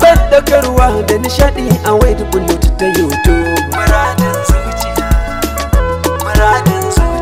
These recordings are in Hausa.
faɗakarwa da nishaɗi a wai da ta youtube muradin zuciya muradin zuciya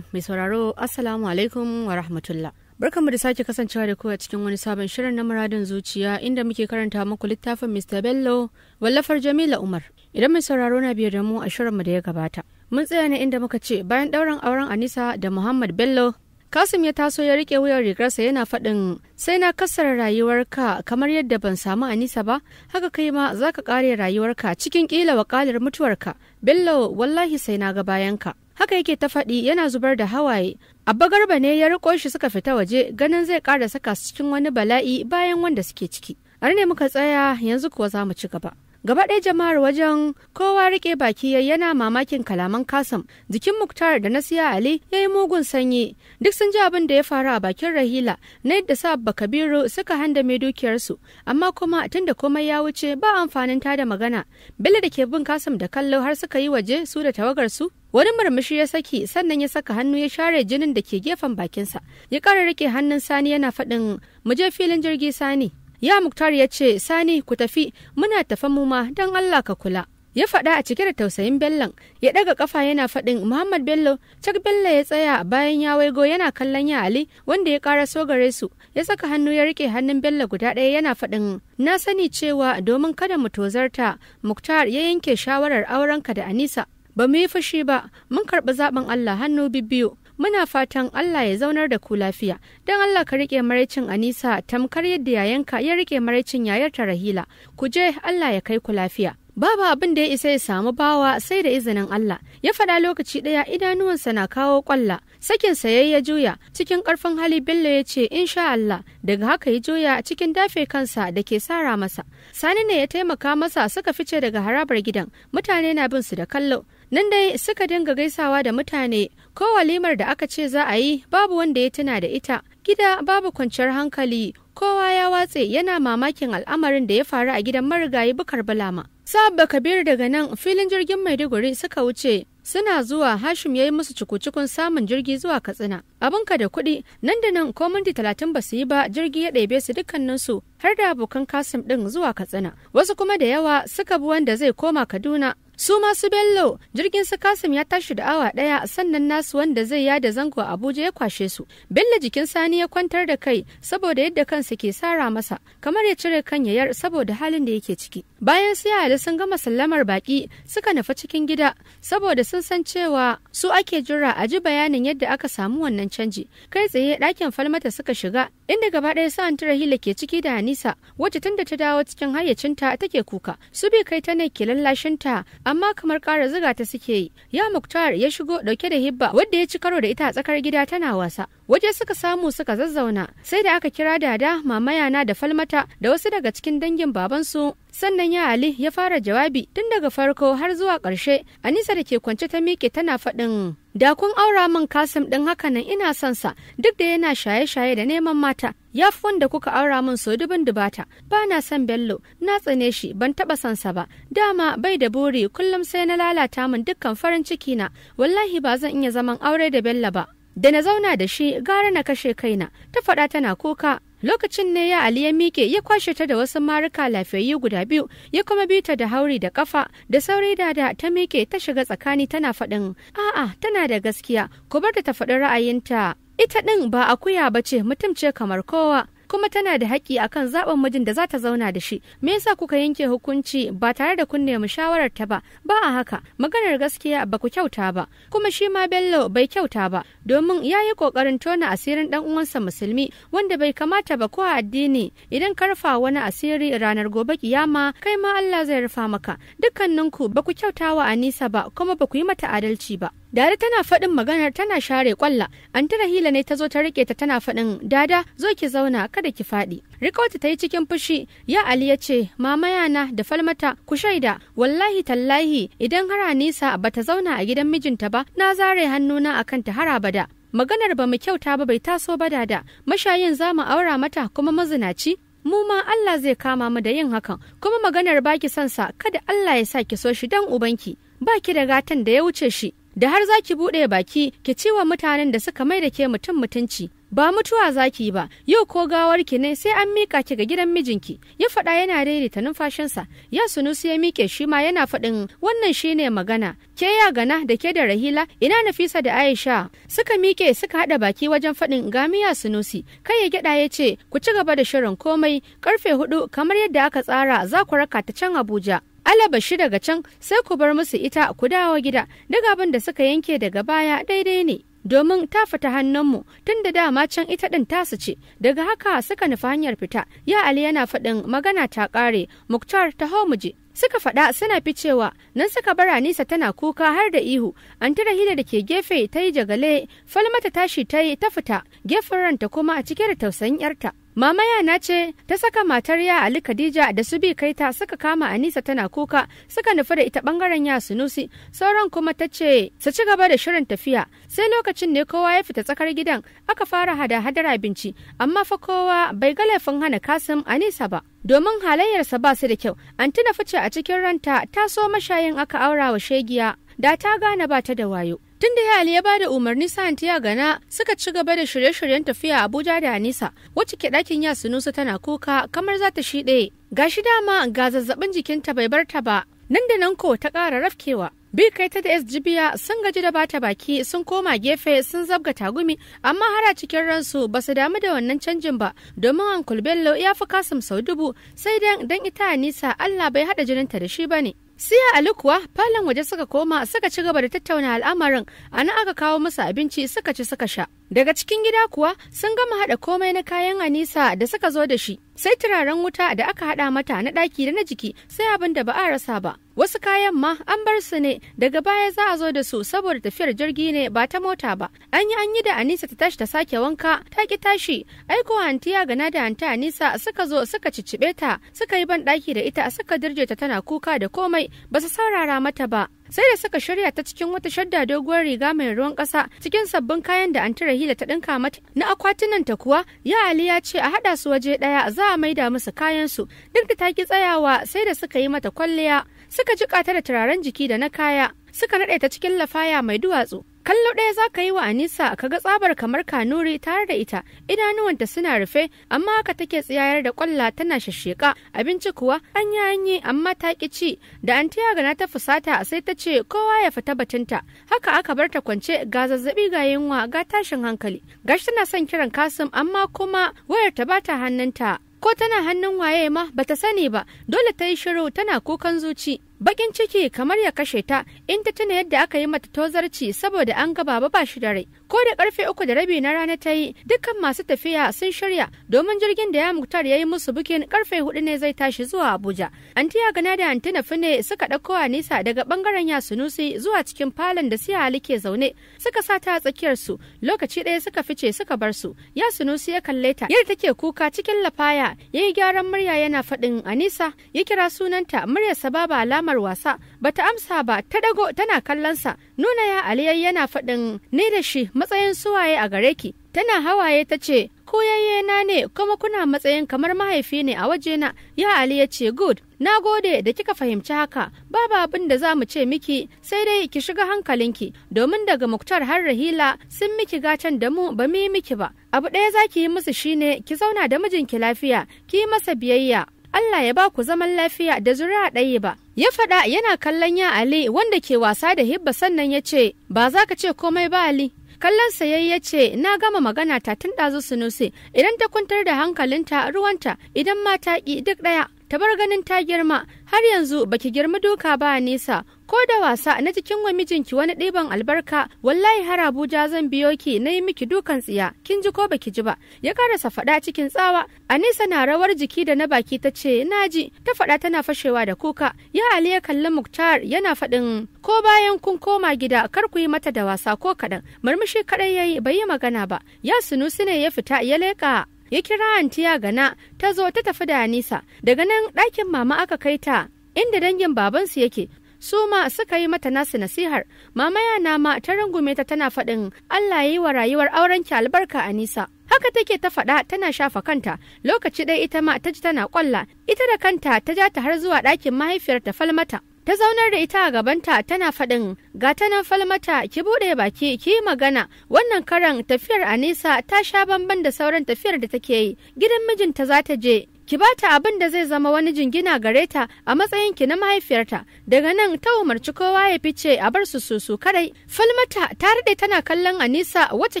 mai sauraro assalamu alaikum wa rahmatullah Barkanmu da sake kasancewa da kowa cikin wani sabon shirin na muradin zuciya inda muke karanta muku littafin Mr. Bello wallafar Jamila Umar. Idan mai sauraro na biyar da mu a shirinmu da ya gabata. Mun tsaya ne inda muka ce bayan ɗaurin auren Anisa da Muhammad Bello Kasim ya taso ya rike wuyar rigarsa yana faɗin sai na kasar rayuwarka kamar yadda ban samu Anisa ba haka kai ma za ka ƙare rayuwarka cikin ƙila wakalar mutuwarka Bello wallahi sai na ga bayanka. Haka yake ta faɗi yana zubar da hawaye. Abba Garba ne ya riko shi suka fita waje ganin zai ƙara saka su cikin wani bala'i bayan wanda suke ciki. Ar ne muka tsaya yanzu kuwa za mu ci gaba. gaba ɗaya jama'ar wajen kowa rike baki yana mamakin kalaman kasam jikin muktar da nasiya ali ya yi mugun sanyi duk sun ji abin da ya faru a bakin rahila na yadda sa abba kabiru suka handame dukiyarsu amma kuma tun da komai ya wuce ba amfanin ta da magana bello da ke bin kasam da kallo har suka yi waje su da tawagar su wani murmushi ya saki sannan ya saka hannu ya share jinin da ke gefen bakinsa ya kara rike hannun sani yana faɗin mu je filin jirgi sani ya muktar ya ce sani ku tafi muna tafa mu ma don allah ka kula ya faɗa a cike da tausayin bellon ya ɗaga ƙafa yana faɗin muhammad bello cak bello ya tsaya bayan ya waigo yana kallon ya ali wanda ya ƙara gare su ya saka hannu ya riƙe hannun bello guda ɗaya yana faɗin na sani cewa domin kada mu tozarta muktar ya yanke shawarar aurenka da anisa ba mu yi fushi ba mun karɓi zaɓin allah hannu bibbiyu muna fatan Allah ya zaunar da ku lafiya don Allah ka rike maraicin Anisa tamkar yadda yayanka ya rike maraicin yayar ta Rahila ku je Allah ya kai ku lafiya babu abin da ya isa ya samu bawa sai da izinin Allah ya faɗa lokaci ɗaya idanuwansa na kawo ƙwalla sakin sa ya juya cikin ƙarfin hali Bello ya ce "In sha Allah daga haka ya juya cikin dafe kansa da ke sara masa Sani ne ya taimaka masa suka fice daga harabar gidan mutane na bin su da kallo Nan dai suka dinga gaisawa da mutane ko walimar da aka ce za a yi babu wanda ya tuna da ita. Gida babu kwanciyar hankali kowa ya watse yana mamakin al'amarin da ya faru a gidan marigayi bukar balama. Sabba Kabir daga nan filin jirgin Maiduguri suka wuce suna zuwa Hashim ya yi musu cukun samun jirgi zuwa Katsina. ka da kuɗi nan da nan ko minti talatin ba su yi ba jirgi ya ɗebe su dukkaninsu har da abokan Kasim ɗin zuwa Katsina. Wasu kuma da yawa suka bi wanda zai koma Kaduna su masu bello jirgin su kasim ya tashi da awa daya sannan nasu wanda zai yada zango abuja ya kwashe su bello jikin sani ya kwantar da kai saboda yadda kansa ke sara masa kamar ya cire kan yayar saboda halin da yake ciki bayan sai ali sun gama sallamar baki suka nufa cikin gida saboda sun san cewa su ake jira a ji bayanin yadda aka samu wannan canji kai tsaye dakin falmata suka shiga inda gaba ɗaya sa'an hila ke ciki da hanisa wacce tun da ta dawo cikin hayyacinta take kuka su bai kai ta ne ke lallashinta a amma kamar ƙara ziga ta suke yi ya muktar ya shigo dauke da hibba wadda ya ci karo da ita a tsakar gida tana wasa waje suka samu suka zazzauna sai da aka kira dada mamayana da falmata da wasu daga cikin dangin babansu sannan ya ali ya fara jawabi tun daga farko har zuwa ƙarshe anisa da ke kwance ta miƙe tana faɗin Da kun aura min Kasim ɗin haka nan ina son sa duk da yana shaye-shaye da neman mata. Ya fi wanda kuka aura min so dubin dubata. Ba na son Bello, na tsane shi ban taɓa son sa ba. Dama bai da buri kullum sai na lalata min dukkan farin ciki na. Wallahi ba zan iya zaman aure da Bello ba. Da na zauna da shi gara na kashe kaina. Ta faɗa tana kuka lokacin ne ya ali ya mike ya kwashe ta da wasu maruka lafiyayyu guda biyu ya kuma bi ta da hauri da kafa da sauri dada ta miƙe ta shiga tsakani tana faɗin a'a tana da gaskiya ku bar da ta faɗi ra'ayinta ita ɗin ba akuya ba ce mutum ce kamar kowa kuma tana da haƙƙi akan zaɓen mijin da za ta zauna da shi me yasa kuka yanke hukunci ba tare da kunne mu shawarar ta ba ba a haka maganar gaskiya ba ku kyauta ba kuma shi ma Bello bai kyauta ba domin ya yi ƙoƙarin tona asirin ɗan uwansa musulmi wanda bai kamata ba ko a addini idan karfa wani asiri ranar gobe kiyama kai ma Allah zai rufa maka dukkaninku ba ku kyauta wa Anisa ba kuma ba ku yi mata adalci ba Dada tana faɗin maganar tana share kwalla. An tara hila ne ta zo ta rike ta tana faɗin dada zo ki zauna kada ki faɗi. Rikauta ta yi cikin fushi ya Ali ya ce mama yana da falmata ku shaida wallahi tallahi idan har ba ta zauna a gidan mijinta ba na zare hannuna a kan ta har bada Maganar ba mu kyauta ba bai taso ba dada mashayin za mu aura mata kuma mazinaci mu ma Allah zai kama mu da yin hakan kuma maganar baki sansa kada Allah ya sa ki so shi dan ubanki ba ki da gatan da ya wuce shi da har za ki buɗe baki ki ce wa mutanen da suka mai da ke mutum mutunci ba mutuwa zaki ba yau ko gawar ki ne sai an mika ki ga gidan mijinki ya faɗa yana daidaita numfashinsa ya sunusu ya mike shi ma yana faɗin wannan shine magana ke ya gana da ke da rahila ina nafisa da aisha suka mike suka haɗa baki wajen faɗin gamiya sunusi kai ya gyaɗa ya ce ku ci gaba da shirin komai karfe hudu kamar yadda aka tsara za ku raka ta can abuja Alaba shi daga can sai ku bar musu ita ku dawo gida duk abin da suka yanke daga baya daidai ne domin ta fita hannunmu tun da dama can ita ɗin tasu ce daga haka suka nufi hanyar fita ya ali yana faɗin magana ta ƙare muktar ta hau muje suka faɗa suna ficewa nan suka bara nisa tana kuka har da ihu an tira hila da ke gefe ta yi jagale falmata tashi ta yi ta fita gefen ranta kuma a cike da tausayin yarta Mama yana ce ta saka matar ya Ali Khadija da su bi kaita suka kama Anisa tana kuka suka nufi da ita bangaren ya Sunusi sauran kuma ta ce su ci gaba da shirin tafiya sai lokacin ne kowa ya fita tsakar gidan aka fara hada hadar abinci amma fa kowa bai ga laifin hana Kasim Anisa ba domin halayyarsa ba su da kyau an tuna fice a cikin ranta ta so mashayin aka aura wa shegiya da ta gane ba ta da wayo Tun da Ali ya ba da umarni ya gana suka ci gaba da shirye-shiryen tafiya Abuja da Anisa, wacce ke ɗakin ya sunusa tana kuka kamar za ta shiɗe. Ga shi dama ga zazzaɓin jikinta bai bar ta ba, nan da nan ko ta ƙara rafkewa. bi kai ta da jibiya sun gaji da bata baki sun koma gefe sun zabga tagumi amma har a cikin ransu ba su damu da wannan canjin ba domin uncle bello ya fi kasim sau dubu sai dan dan ita anisa allah bai hada jininta da shi ba ne. Siya Ali kuwa falon waje suka koma suka ci gaba da tattauna al'amarin, ana aka kawo musu abinci suka ci suka sha. Daga cikin gida kuwa sun gama haɗa komai na kayan Anisa da suka zo da shi, sai turaren wuta da aka haɗa mata na ɗaki da na jiki sai abin da ba a rasa ba. Wasu kayan ma an bar su ne daga baya za a zo da su saboda tafiyar jirgi ne ba ta mota ba. An yi an yi da Anisa ta tashi ta sake wanka ta ki tashi. Aiko hantiya gana da hanti Anisa suka zo suka cicibe ta suka yi ban ɗaki da ita suka dirje ta tana kuka da komai ba su saurara mata ba. sai da suka shirya ta cikin wata shadda doguwar riga mai ruwan kasa cikin sabbin kayan da anti rahila ta ɗinka mata na akwatunan ta kuwa ya ali ya ce a haɗa su waje ɗaya za a maida musu kayan su duk da ta ki tsayawa sai da suka yi mata kwalliya suka jikata ta da turaren jiki da na kaya suka naɗe ta cikin lafaya mai duwatsu kallo ɗaya za ka yi wa anisa ka ga tsabar kamar kanuri tare da ita idanuwanta suna rufe amma haka take tsayayar da kwalla tana shasheka abinci kuwa an yi amma ta ki ci da an gana ta fusata sai ta ce kowa ya fita batunta haka aka bar ta kwance ga zazzabi ga yunwa ga tashin hankali gashi tana son kiran kasim amma kuma wayar ta bata hannunta ko tana hannun waye ma bata sani ba dole ta yi shiru tana kukan zuci bakin ciki kamar ya kashe ta in ta tuna yadda aka yi mata tozarci saboda an ga baba ba shi da rai ko da karfe uku da rabi na rana ta yi dukkan masu tafiya sun shirya domin jirgin da ya muktar ya yi musu bukin. karfe hudu ne zai tashi zuwa abuja antiya gana da antina fune suka ɗauko a nisa daga bangaren ya sunusi zuwa cikin falon da siya ali ke zaune suka sa ta a tsakiyar su lokaci ɗaya suka fice suka bar su ya sunusi ya kalle ta yadda take kuka cikin lafaya ya yi gyaran murya yana faɗin anisa ya kira sunanta muryarsa babu alama kalmar wasa bata amsa ba ta dago tana kallonsa nuna ya aliyar yana faɗin ni da shi matsayin suwaye a gare ki tana hawaye ta ce ko na ne kuma kuna matsayin kamar mahaifi ne a wajena ya ali ya ce good na gode da kika fahimci haka babu abin da za mu ce miki sai dai ki shiga hankalinki domin daga muktar har rahila sun miki gacan da mu ba mu yi miki ba abu ɗaya za ki yi musu shine ki zauna da mijinki lafiya ki yi masa biyayya Allah ya ba ku zaman lafiya da zuriya ɗaya ba. Ya faɗa yana kallon ya Ali wanda ke wasa da hibba sannan ya ce, Ba za ka ce komai ba Ali. Kallon sayayya ya ce, Na gama magana ta tun ɗazu sunusi, idan ta kwantar da hankalinta ruwanta, idan ma ta ƙi duk ɗaya, ta bar ganin ta girma, har yanzu baki girma doka ba nisa, ko da wasa na cikin wa mijinki wani ɗiban albarka wallahi har abuja zan biyo ki na yi miki dukan tsiya kin ji ko baki ji ba ya karasa faɗa cikin tsawa anisa na rawar jiki da na baki ta ce na ji ta faɗa tana fashewa da kuka ya ali ya kalli muktar yana faɗin ko bayan kun koma gida kar ku yi mata da wasa ko kaɗan murmushi kaɗai ya yi bai yi magana ba ya sunusi ne ya fita ya leƙa ya kira antiya gana ta zo ta tafi da anisa daga nan ɗakin mama aka kai ta inda dangin babansu yake su ma suka yi mata nasu nasihar mamaya na ma ta rungume ta tana faɗin Allah ya yi wa rayuwar auren ki albarka nisa. haka take ta faɗa tana shafa kanta lokaci ɗaya ita ma ta ji tana ƙwalla ita da kanta ta ja ta har zuwa ɗakin mahaifiyar ta falmata ta zaunar da ita a gabanta tana faɗin ga ta nan falmata ki buɗe baki ki yi magana wannan karan tafiyar anisa ta sha bamban da sauran tafiyar da take yi gidan mijinta za ta je ki ba ta abin da zai zama wani jingina gare ta a matsayin ki na mahaifiyarta daga nan ta umarci kowa ya fice a bar su susu kadai falmata ta rade tana kallon anisa wacce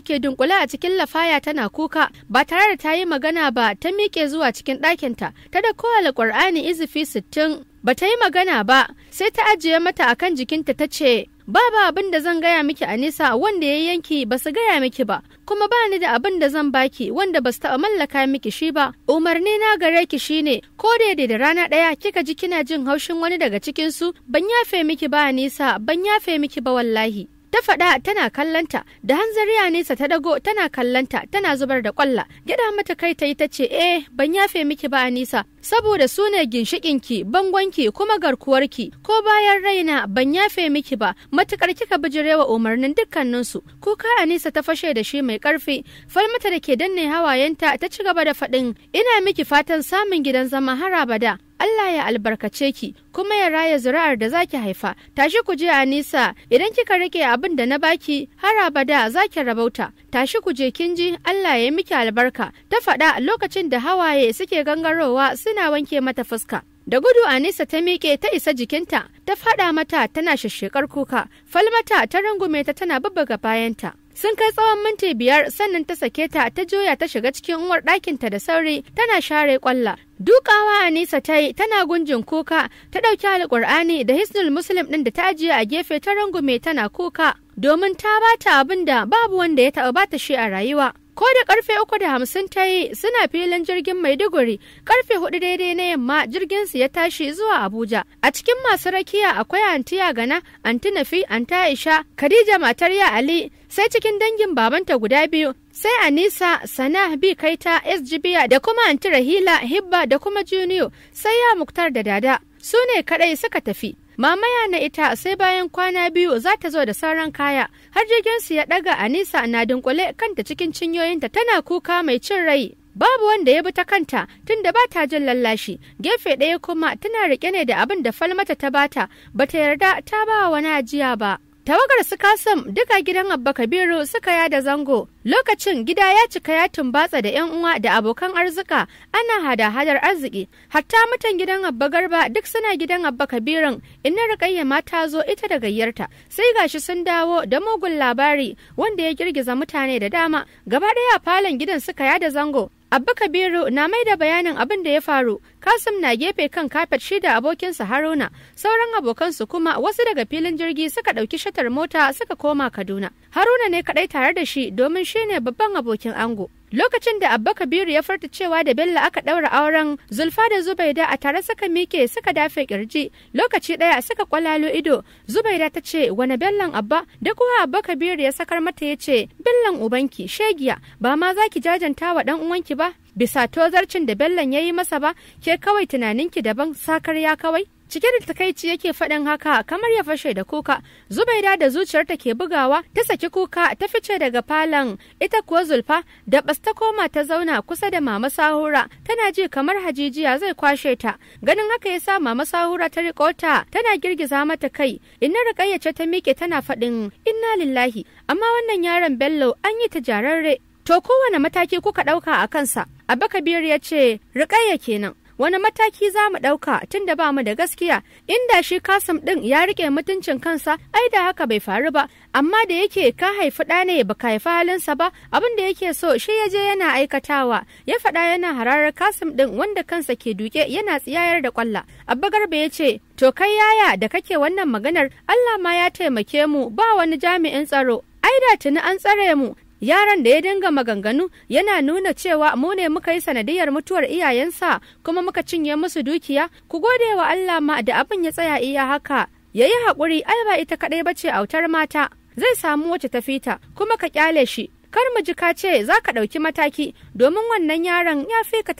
ke dunkule a cikin lafaya tana kuka ba tare da ta yi magana ba ta miƙe zuwa cikin ɗakinta ta da kowane ƙur'ani izifi sittin ba ta yi magana ba sai ta ajiye mata akan jikinta ta ce ba abin da zan gaya miki a nisa wanda ya yanki ba su gaya miki ba kuma ba ni da abin da zan baki wanda ba su taɓa mallaka miki shi ba umarni na gare ki shine ko daidai da rana ɗaya kika ji kina jin haushin wani daga cikinsu ban yafe miki ba a nisa ban yafe miki ba wallahi ta faɗa tana kallanta da hanzariya nesa ta dago tana kallanta tana zubar da kwalla gyaɗa mata kai ta yi ta ce eh ban yafe miki ba Anisa saboda su ne ginshiƙinki bangonki kuma garkuwarki ko bayan raina ban yafe miki ba matukar kika bijirewa umarnin dukkaninsu kuka Anisa ta fashe da shi mai ƙarfi falmata da ke danne hawayenta ta ci gaba da faɗin ina miki fatan samun gidan zama har abada Allah ya albarkace ki kuma ya raya zuri'ar da zaki haifa tashi ku je a nisa idan kika rike abin da na baki har abada zaki rabauta tashi ku je kin ji Allah ya miki albarka ta faɗa lokacin da hawaye suke gangarowa suna wanke mata fuska da gudu Anisa ta miƙe ta isa jikinta ta faɗa mata tana shashshekar kuka falmata ta rungume ta tana babbaga bayanta sun kai tsawon minti biyar sannan ta sake ta ta juya ta shiga cikin uwar ɗakinta da sauri tana share kwalla dukawa Anisa ta yi tana gunjin kuka ta ɗauki alƙur'ani da hisnul muslim ɗin da ta ajiye a gefe ta rangume tana kuka domin ta bata abin da babu wanda ya taɓa bata shi a rayuwa ko da karfe uku da hamsin ta yi suna filin jirgin maiduguri karfe hudu daidai na yamma jirgin su ya tashi zuwa abuja a cikin masu rakiya akwai antiya gana anti nafi anta aisha khadija matar ya ali sai cikin dangin babanta guda biyu sai anisa sana bi kaita sgb da kuma anti rahila hibba da kuma junior sai ya muktar da dada su ne kadai suka tafi mamaya na ita sai bayan kwana biyu za ta zo da sauran kaya har jirgin su ya daga anisa na dunkule kanta cikin cinyoyinta tana kuka mai cin rai babu wanda ya bi ta kanta tunda ba ta jin lallashi gefe ɗaya kuma tana rike ne da abin da falmata ta bata bata yarda ta ba wani ajiya ba Tawagar su kasam duka gidan Abba Kabiru suka yada zango. Lokacin gida ya cika ya tumbatsa da 'yan uwa da abokan arzika ana hada-hadar arziki. Hatta mutan gidan Abba Garba duk suna gidan Abba Kabirin inna rikayya ma ta zo ita da gayyarta. Sai gashi sun dawo da mugun labari wanda ya girgiza mutane da dama. Gaba ɗaya falon gidan suka yada zango. Abba Kabiru na mai da bayanin abin da ya faru, Kasim na gefe kan kafet shida abokinsa Haruna, sauran abokansu kuma wasu daga filin jirgi suka ɗauki shatar mota suka koma Kaduna. Haruna ne kaɗai tare da shi domin shi ne babban abokin ango. lokacin da abba kabiru ya furta cewa da bello aka ɗaura auren zulfa da zubaida a tare suka mike suka dafe kirji lokaci ɗaya suka kwalalo ido zubaida ta ce wani bellon abba da kuwa abba kabiru ya sakar mata ya ce bellon ubanki shegiya ba ma za ki jajanta wa ɗan uwanki ba bisa tozarcin da bellon ya yi masa ba ke kawai tunaninki daban sakar ya kawai cike da takaici yake faɗin haka kamar ya fashe da kuka zubaida da zuciyarta ke bugawa ta saki kuka ta fice daga falon ita kuwa zulfa da Basta koma ta zauna kusa da mama sahura tana ji kamar hajijiya zai kwashe ta ganin haka ya sa mama sahura ta riƙo ta tana girgiza mata kai inna rikayyace ta miƙe tana faɗin inna lillahi amma wannan yaron bello an yi ta jararre to kowane mataki kuka ɗauka a kansa abba kabiru ya ce riƙayya kenan wani mataki za mu ɗauka tun da ba mu da gaskiya inda shi kasim ɗin ya riƙe mutuncin kansa ai da haka bai faru ba amma da yake ka haifi ɗa ne baka haifi halinsa ba abin da yake so shi ya je yana aikatawa ya faɗa yana hararar kasim ɗin wanda kansa ke duke yana tsiyayar da kwalla abba garba ya ce to kai yaya da kake wannan maganar allah ma ya taimake mu ba wani jami'in tsaro ai da tuni an tsare mu yaran da ya dinga maganganu yana nuna cewa mu ne muka yi sanadiyar mutuwar iyayensa kuma muka cinye musu dukiya ku gode wa Allah ma da abin ya tsaya iya haka ya yi haƙuri ai ba ita kaɗai ba ce autar mata zai samu wacce ta fita kuma ka ƙyale shi kar mu ji ka ce za ka ɗauki mataki domin wannan yaron ya fi ka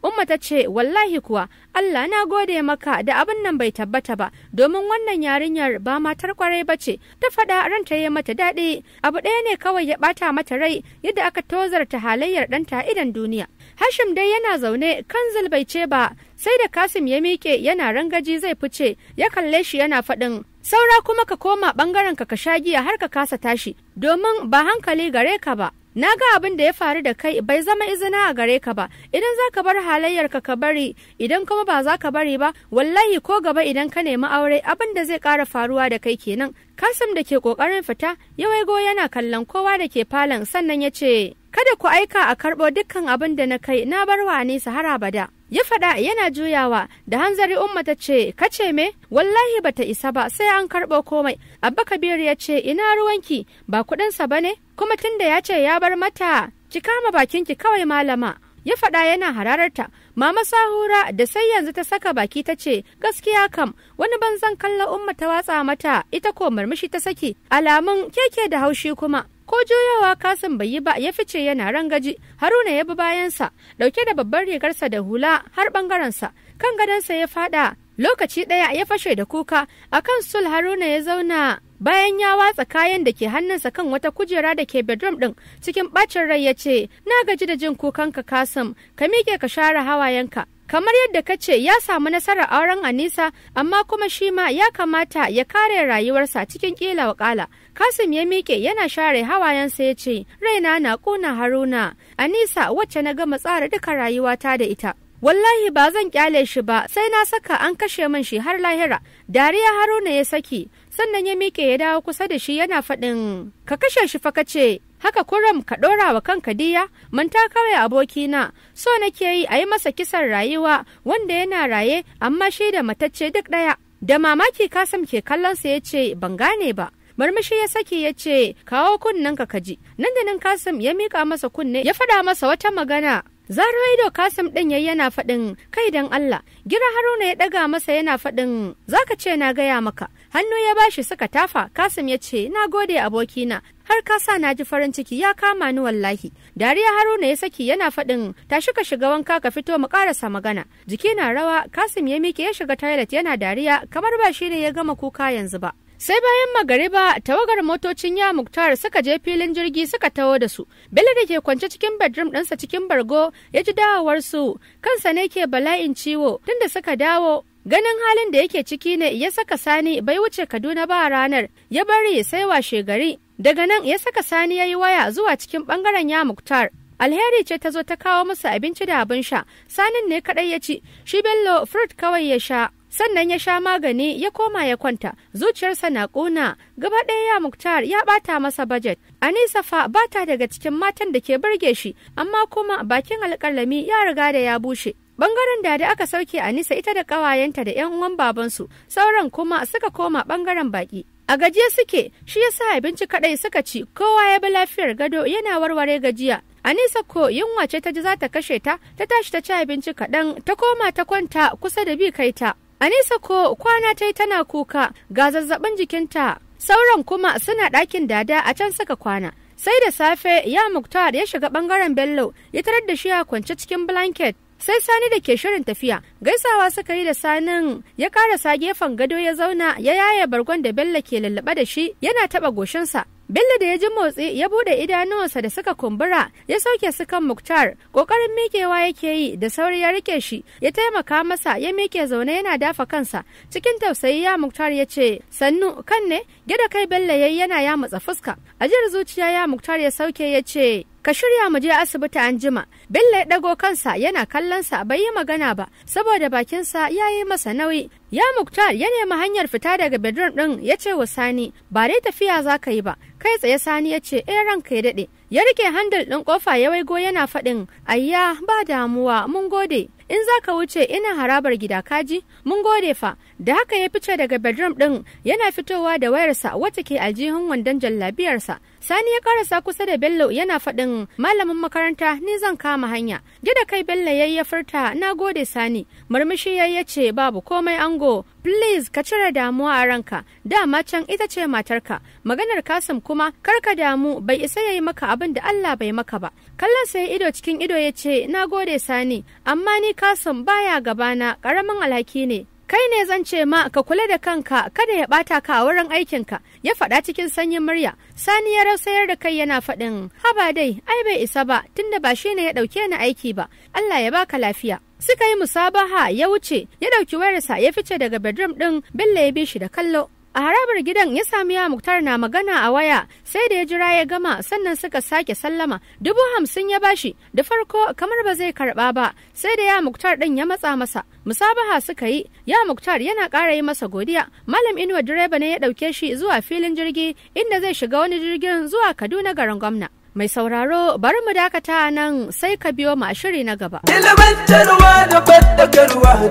umma ta ce wallahi kuwa Allah na gode maka da abin nan bai tabbata ba domin wannan yarinyar ba matar kwarai ba ce ta faɗa ranta ya mata daɗi abu ɗaya ne kawai ya ɓata mata rai yadda aka tozarta halayyar ɗanta idan duniya Hashim dai yana zaune kan bai ce ba sai da Kasim ya miƙe yana rangaji zai fice ya kalle shi yana faɗin Saura kuma ka koma ɓangaren ka ka sha giya har ka kasa tashi domin ba hankali gare ka ba. Na ga abin da ya faru da kai bai zama izina a gare ka ba, idan za ka bar halayyar ka ka bari, idan kuma ba za ka bari ba, wallahi ko gaba idan ka nemi aure abin da zai ƙara faruwa da kai kenan, kasim da ke kokarin fita ya waigo yana kallon kowa da ke falon sannan ya ce kada ku aika a karɓo dukkan abin da na kai na bar wa nesa har abada. ya faɗa yana juyawa da hanzari umma ta ce kace me wallahi bata isa ba sai an karɓo komai abba kabiru ya ce ina ruwanki ba kuɗinsa ba ne kuma tunda ya ce ya bar mata ki kama bakinki kawai malama ya faɗa yana hararta mama sahura da sai yanzu ta saka baki ta ce gaskiya kam wani banzan kallon umma ta watsa mata ita ko murmushi ta saki alamun keke da haushi kuma ko juyawa kasim bai yi ba ya fice yana rangaji haruna ya bi bayansa dauke da babbar rigarsa da hula har bangarensa kan gadonsa ya faɗa. lokaci ɗaya ya fashe da kuka akan sul haruna ya zauna bayan ya watsa kayan da ke hannunsa kan wata kujera da ke bedroom ɗin cikin ɓacin rai ya ce na gaji da jin kukan ka, kasim ka miƙe ka share hawayenka kamar yadda ka ce ya samu nasarar auren anisa amma kuma shi ma ya kamata ya kare rayuwarsa cikin kila wakala kasim ya miƙe yana share hawayensa ya ce raina na ƙuna haruna anisa wacce na gama tsara duka rayuwata da ita wallahi ba zan kyale shi ba sai na saka an kashe min shi har lahira dariya haruna ya saki sannan ya miƙe ya dawo kusa da shi yana faɗin ka kashe shi fa kace haka kuram ka ɗora wa kanka diya manta kawai abokina so nake yi a yi masa kisan rayuwa wanda yana raye amma shi da matacce duk ɗaya da mamaki kasam ke kallonsa ya ce ban gane ba marmashi ya saki ya ce kawo kunnen ka kaji nan da nan kasim ya mika masa kunne ya faɗa masa wata magana zaro ido kasim ɗin yayi yana faɗin kai dan allah gira haruna ya ɗaga masa yana faɗin zaka ce na gaya maka hannu ya bashi suka tafa kasim ya ce na gode abokina har ka sa na ji farin ciki ya kama ni wallahi dariya haruna ya saki yana faɗin tashi ka shiga wanka ka fito mu karasa magana jiki na rawa kasim ya mike ya shiga toilet yana dariya kamar ba shi ne ya gama kuka yanzu ba sai bayan magariba tawagar motocin ya muktar suka je filin jirgi suka taho da su bello da ke kwance cikin bedroom ɗinsa cikin bargo ya ji dawowar su kansa ne ke bala'in ciwo tunda suka dawo ganin halin da yake ciki ne ya saka sani bai wuce kaduna ba ranar ya bari sai washe gari daga nan ya saka sani ya yi waya zuwa cikin bangaren ya muktar alheri ce ta zo ta kawo musu abinci da abin sha sanin ne kaɗai ya ci shi bello fruit kawai ya sha sannan ya sha magani ya koma ya kwanta zuciyarsa na ƙuna gaba ɗaya ya muktar ya ɓata masa bajet anisa fa ba ta daga cikin matan da ke burge shi amma kuma bakin alƙalami ya riga da ya bushe bangaren da da aka sauke anisa ita da ƙawayenta da 'yan uwan babansu sauran kuma suka koma bangaren baƙi a gajiya suke shi ya sa abinci kaɗai suka ci kowa ya bi lafiyar gado yana warware gajiya Anisa ko yunwa ce ta ji za ta kashe ta, ta tashi ta ci abinci kaɗan, ta koma ta kwanta kusa da bi kai ta. Anisa ko kwana ta yi tana kuka ga zazzabin jikinta sauran kuma suna ɗakin dada a can suka kwana. Sai da safe ya Muktar ya shiga ɓangaren Bello ya tarar da shi a kwance cikin blanket sai sani da ke shirin tafiya gaisawa suka yi da sanin ya karasa gefen gado ya zauna ya yaye bargon da bello ke lallaba da shi yana taɓa goshinsa Bello da ya ji motsi ya bude idanuwansa da suka kumbura ya sauke su kan Muktar. Kokarin mikewa yake yi da sauri ya rike shi ya taimaka masa ya mike zaune yana dafa kansa. Cikin tausayi ya Muktar ya ce sannu kan ne gida kai Bello yayi yana ya matsa fuska. Ajiyar zuciya ya Muktar ya sauke ya ce ka shirya mu je asibiti an jima. Bello ya dago kansa yana kallonsa bai yi magana ba saboda bakinsa ya yi masa nauyi Ya Muktar ya nemi hanyar fita daga bedroom ɗin ya ce wa Sani ba dai tafiya za ka yi ba. Kai tsaye Sani ya ce eh ranka ya daɗe. Ya rike handle ɗin ƙofa ya waigo yana faɗin ayya ba damuwa mun gode. In za ka wuce ina harabar gida kaji mun gode fa. Da haka ya fice daga bedroom ɗin yana fitowa da wayarsa wacce ke aljihun wandon jallabiyarsa. Sani ya karasa kusa da Bello yana faɗin malamin makaranta ni zan kama hanya. Gida kai Bello yayi ya furta na gode Sani. Murmushi yayi ya ce babu komai ango. Please ka cire damuwa a ranka. Dama can ita ce matarka. Maganar Kasim kuma kar ka damu bai isa yayi maka abin da Allah bai maka ba. Kallon sai ido cikin ido ya ce na gode Sani. Amma ni Kasim baya gabana ƙaramin alhaki ne. kai ne zan ce ma ka kula da kanka kada ya bata ka a wurin aikinka ya faɗa cikin sanyin murya sani ya rausayar da kai yana faɗin haba dai ai bai isa ba tunda ba shi ne ya ɗauke ni aiki ba allah ya baka lafiya suka yi musabaha ya wuce ya ɗauki wayarsa ya fice daga bedroom ɗin bello ya bi shi da kallo a harabar gidan ya sami ya muktar na magana a waya sai da ya jira ya gama sannan suka sake sallama dubu hamsin ya bashi da farko kamar ba zai karba ba sai da ya muktar din ya matsa masa musabaha suka yi ya muktar yana ƙara yi masa godiya malam inuwa direba ne ya ɗauke shi zuwa filin jirgi inda zai shiga wani jirgin zuwa kaduna garin gwamna Mai sauraro bari mu dakata nan sai ka biyo mu a shiri na gaba. Ilimantarwa da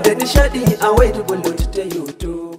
da a wai ta YouTube.